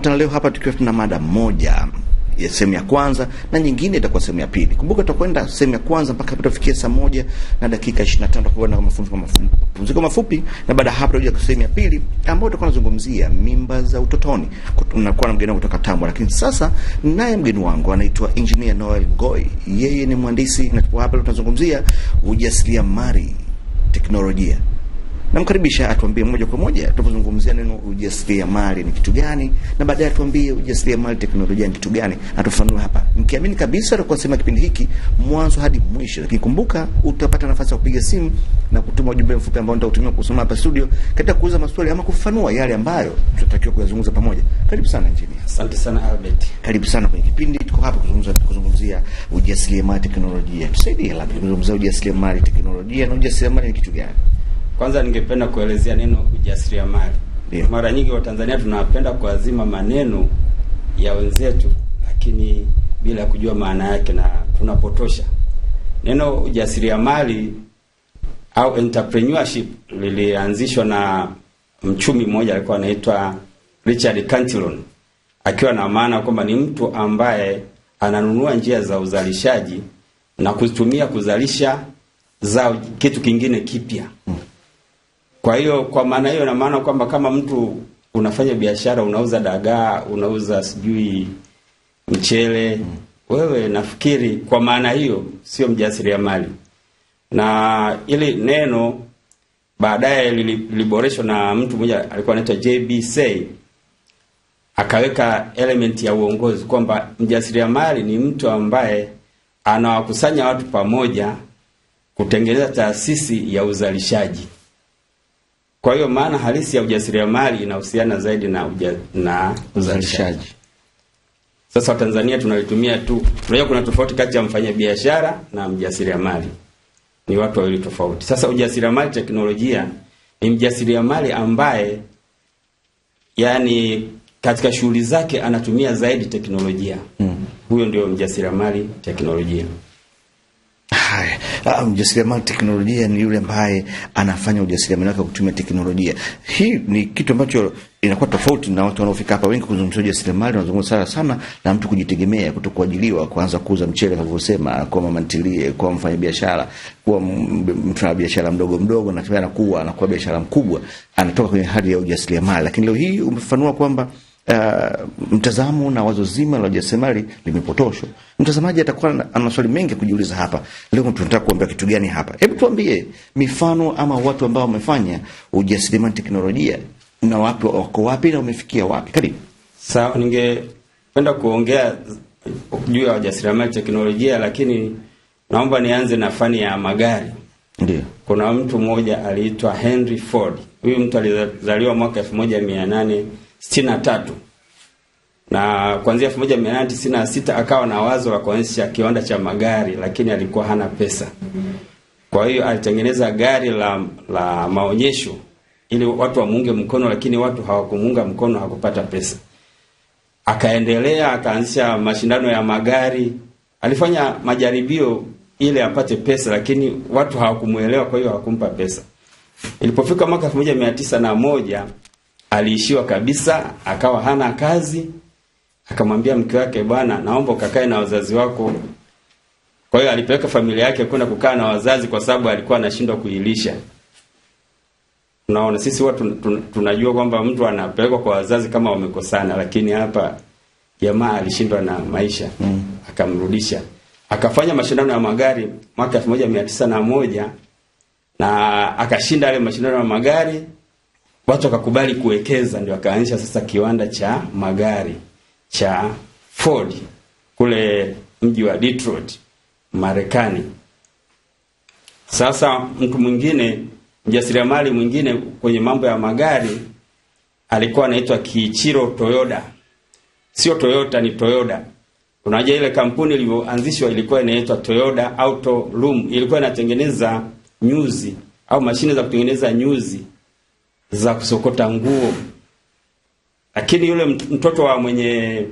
Tuna leo hapa tukiwa tuna mada moja ya sehemu ya kwanza na nyingine itakuwa sehemu ya pili. Kumbuka tutakwenda sehemu ya kwanza mpaka hapo tufikie saa moja na dakika 25 tutakuwa na mapumziko mafupi. Mapumziko mafupi na baada hapo tutaja kwa sehemu ya pili ambayo tutakuwa tunazungumzia mimba za utotoni. Tunakuwa na mgeni kutoka Tambwa, lakini sasa naye mgeni wangu anaitwa Engineer Noel Goy. Yeye ni mhandisi na tupo hapa tunazungumzia ujasiriamali teknolojia Namkaribisha atuambie moja kwa moja tunapozungumzia neno ujasiriamali ni kitu gani, na baadaye atuambie ujasiriamali teknolojia ni kitu gani, atufanue hapa, nikiamini kabisa atakuwa sema kipindi hiki mwanzo hadi mwisho. Lakini kumbuka, utapata nafasi ya kupiga simu na kutuma ujumbe mfupi ambao nitautumia kusoma hapa studio, katika kuuza maswali ama kufanua yale ambayo tutatakiwa kuyazungumza pamoja. Karibu sana nchini. Asante sana Albert, karibu sana kwenye kipindi. Tuko hapa kuzungumza kuzungumzia ujasiriamali teknolojia. Tusaidie labda kuzungumzia ujasiriamali teknolojia na ujasiriamali ni kitu gani? Kwanza ningependa kuelezea neno ujasiriamali. Yeah. Mara nyingi Watanzania tunapenda kuazima maneno ya wenzetu, lakini bila kujua maana yake na tunapotosha. Neno ujasiriamali au entrepreneurship lilianzishwa na mchumi mmoja alikuwa anaitwa Richard Cantillon, akiwa na maana kwamba ni mtu ambaye ananunua njia za uzalishaji na kuzitumia kuzalisha zao kitu kingine kipya. Mm. Kwa hiyo kwa maana hiyo, na maana kwamba kama mtu unafanya biashara, unauza dagaa, unauza sijui mchele, wewe nafikiri kwa maana hiyo sio mjasiriamali, na ili neno baadaye liliboreshwa na mtu mmoja alikuwa anaitwa JB Say akaweka element ya uongozi kwamba mjasiriamali ni mtu ambaye anawakusanya watu pamoja kutengeneza taasisi ya uzalishaji. Kwa hiyo maana halisi ya ujasiriamali inahusiana zaidi na, uja, na uzalishaji. Sasa Watanzania tunalitumia tu, unajua kuna tofauti kati ya mfanyabiashara na mjasiriamali, ni watu wawili tofauti. Sasa ujasiriamali teknolojia ni mjasiriamali ambaye yani katika shughuli zake anatumia zaidi teknolojia mm. Huyo ndio mjasiriamali teknolojia. Uh, ah, mjasiriamali teknolojia ni yule ambaye anafanya ujasiriamali wake kutumia teknolojia. Hii ni kitu ambacho inakuwa tofauti na watu wanaofika hapa wengi kuzungumzia ujasiriamali, wanazungumza sana sana na mtu kujitegemea, kutokuajiliwa, kuanza kuuza mchele kama ulivyosema, kuwa mama ntilie, kuwa mfanyabiashara, kuwa mfanyabiashara mdogo mdogo, na anakuwa anakuwa biashara mkubwa, anatoka kwenye hali ya ujasiriamali. Lakini leo hii umefanua kwamba uh, mtazamo na wazo zima la ujasiriamali limepotoshwa. Mtazamaji atakuwa ana maswali mengi kujiuliza hapa. Leo tunataka kuambia kitu gani hapa? Hebu tuambie mifano ama watu ambao wamefanya ujasiriamali teknolojia na wapi wako wapi na umefikia wapi? Karibu. Sawa, ningependa kuongea juu ya ujasiriamali teknolojia, lakini naomba nianze na fani ya magari. Ndiyo. Kuna mtu mmoja aliitwa Henry Ford. Huyu mtu alizaliwa mwaka 1800 63 na kuanzia 1896 akawa na wazo la kuanzisha kiwanda cha magari, lakini alikuwa hana pesa. Kwa hiyo alitengeneza gari la, la maonyesho ili watu wamuunge mkono, lakini watu hawakumuunga mkono, hakupata pesa. Akaendelea, akaanzisha mashindano ya magari, alifanya majaribio ili apate pesa, lakini watu hawakumuelewa, kwa hiyo hawakumpa pesa. Ilipofika mwaka 1901 aliishiwa kabisa, akawa hana kazi. Akamwambia mke wake, bwana, naomba ukakae na wazazi wako. Kwa hiyo alipeleka familia yake kwenda kukaa na wazazi, kwa sababu alikuwa anashindwa kuilisha. Tunaona sisi watu tunajua kwamba mtu anapelekwa kwa wazazi kama wamekosana, lakini hapa jamaa alishindwa na maisha mm. Akamrudisha, akafanya mashindano ya magari mwaka 1901 na, na akashinda yale mashindano ya magari watu wakakubali kuwekeza, ndio akaanzisha sasa kiwanda cha magari cha Ford kule mji wa Detroit Marekani. Sasa mtu mwingine mjasiriamali mwingine kwenye mambo ya magari alikuwa anaitwa Kiichiro Toyoda, sio Toyota, ni Toyoda. Unajua ile kampuni ilivyoanzishwa ilikuwa inaitwa Toyoda Auto Room, ilikuwa inatengeneza nyuzi au mashine za kutengeneza nyuzi za kusokota nguo, lakini yule mtoto wa mwenye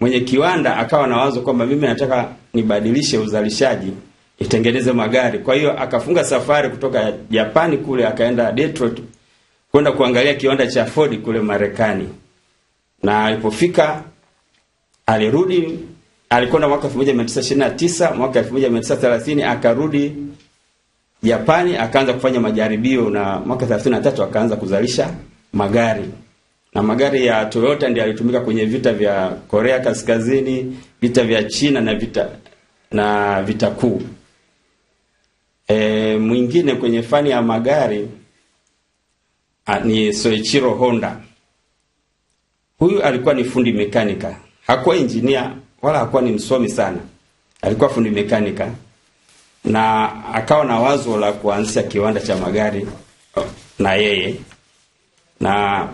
mwenye kiwanda akawa na wazo kwamba mimi nataka nibadilishe uzalishaji nitengeneze magari. Kwa hiyo akafunga safari kutoka Japani kule akaenda Detroit kwenda kuangalia kiwanda cha Ford kule Marekani, na alipofika alirudi, alikwenda mwaka 1929 mwaka 1930 akarudi Japani akaanza kufanya majaribio na mwaka 33 akaanza kuzalisha magari na magari ya Toyota ndiyo yalitumika kwenye vita vya Korea Kaskazini, vita vya China na vita na vita kuu. E, mwingine kwenye fani ya magari a, ni Soichiro Honda. Huyu alikuwa ni fundi mekanika, hakuwa injinia wala hakuwa ni msomi sana, alikuwa fundi mekanika na akawa na wazo la kuanzisha kiwanda cha magari na yeye, na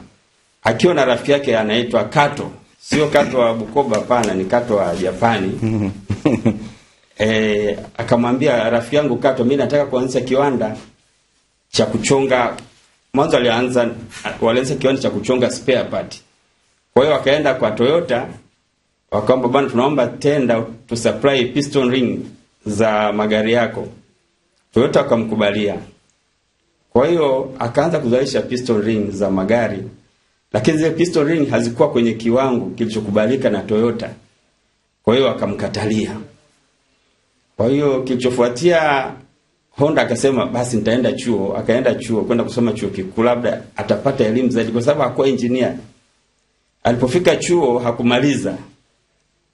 akiwa na rafiki yake anaitwa Kato, sio Kato wa Bukoba, hapana, ni Kato wa Japani. E, akamwambia rafiki yangu Kato, mimi nataka kuanzisha kiwanda cha kuchonga. Mwanzo alianza walianza kiwanda cha kuchonga spare part. Kwa hiyo wakaenda kwa Toyota wakaomba, bwana, tunaomba tenda to supply piston ring za magari yako. Toyota akamkubalia, kwa hiyo akaanza kuzalisha piston ring za magari, lakini zile piston ring hazikuwa kwenye kiwango kilichokubalika na Toyota, kwa hiyo akamkatalia. Kwa hiyo kilichofuatia Honda akasema basi nitaenda chuo, akaenda chuo kwenda kusoma chuo kikuu, labda atapata elimu zaidi, kwa sababu hakuwa engineer. Alipofika chuo hakumaliza.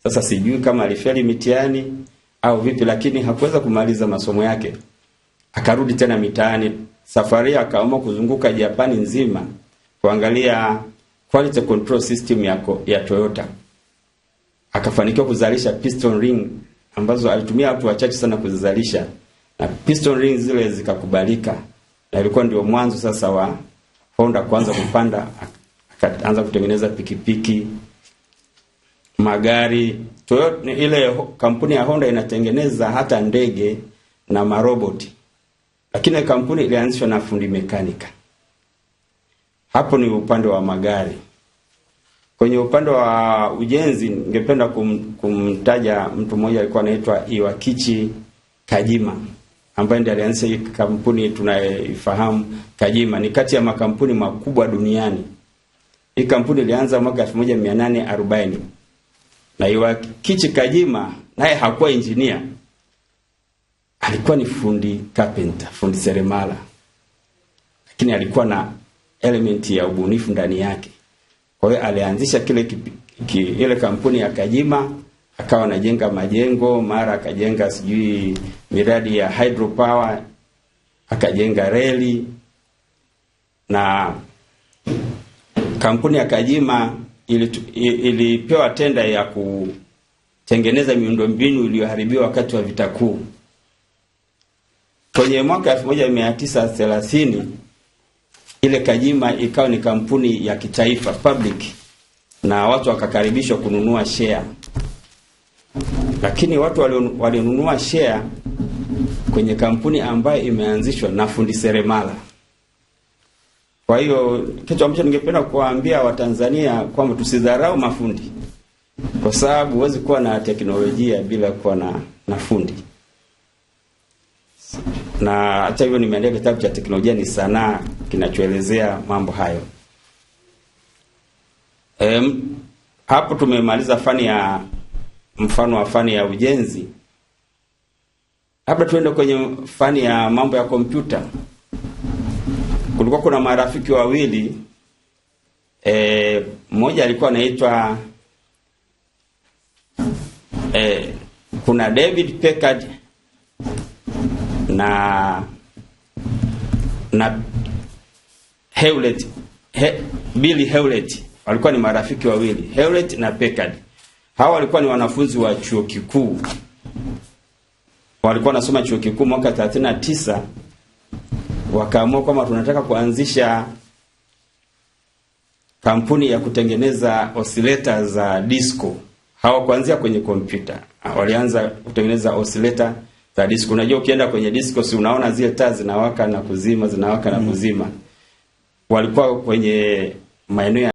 Sasa sijui kama alifeli mitihani au vipi, lakini hakuweza kumaliza masomo yake, akarudi tena mitaani. Safari akaamua kuzunguka Japani nzima kuangalia quality control system ya, ya Toyota. Akafanikiwa kuzalisha piston ring ambazo alitumia watu wachache sana kuzizalisha, na piston ring zile zikakubalika, na ilikuwa ndio mwanzo sasa wa Honda kuanza kupanda, akaanza kutengeneza pikipiki magari. Toyota, ile kampuni ya Honda inatengeneza hata ndege na maroboti, lakini kampuni ilianzishwa na fundi mekanika. Hapo ni upande wa magari. Kwenye upande wa ujenzi, ningependa kum, kumtaja mtu mmoja alikuwa anaitwa Iwakichi Kajima ambaye ndiye alianzisha hii kampuni tunayoifahamu. Kajima ni kati ya makampuni makubwa duniani. Hii kampuni ilianza mwaka 1840 na Iwakichi Kajima naye hakuwa injinia, alikuwa ni fundi carpenter, fundi seremala, lakini alikuwa na element ya ubunifu ndani yake. Kwa hiyo alianzisha kile ki, ile kampuni ya Kajima akawa anajenga majengo, mara akajenga sijui miradi ya hydropower, akajenga reli na kampuni ya Kajima ilipewa tenda ya kutengeneza miundombinu iliyoharibiwa wakati wa vita kuu. Kwenye mwaka 1930 ile Kajima ikawa ni kampuni ya kitaifa public, na watu wakakaribishwa kununua share, lakini watu walionunua share kwenye kampuni ambayo imeanzishwa na fundi seremala kwa hiyo kitu ambacho ningependa kuwaambia Watanzania kwamba tusidharau mafundi, kwa sababu huwezi kuwa na teknolojia bila kuwa na, na fundi. Na hata hivyo nimeandika kitabu cha teknolojia ni sanaa kinachoelezea mambo hayo. Em, hapo tumemaliza fani ya mfano wa fani ya ujenzi. Labda tuende kwenye fani ya mambo ya kompyuta kulikuwa kuna marafiki wawili e, mmoja alikuwa anaitwa e, kuna David Packard na na Hewlett He, Billy Hewlett walikuwa ni marafiki wawili, Hewlett na Packard. Hawa walikuwa ni wanafunzi wa chuo kikuu, walikuwa wanasoma chuo kikuu mwaka 39 wakaamua kwamba tunataka kuanzisha kampuni ya kutengeneza oscillator za disco. Hawakuanzia kwenye kompyuta, ah, walianza kutengeneza oscillator za disco. Unajua, ukienda kwenye disco, si unaona zile taa zinawaka na kuzima, zinawaka na mm. kuzima. Walikuwa kwenye maeneo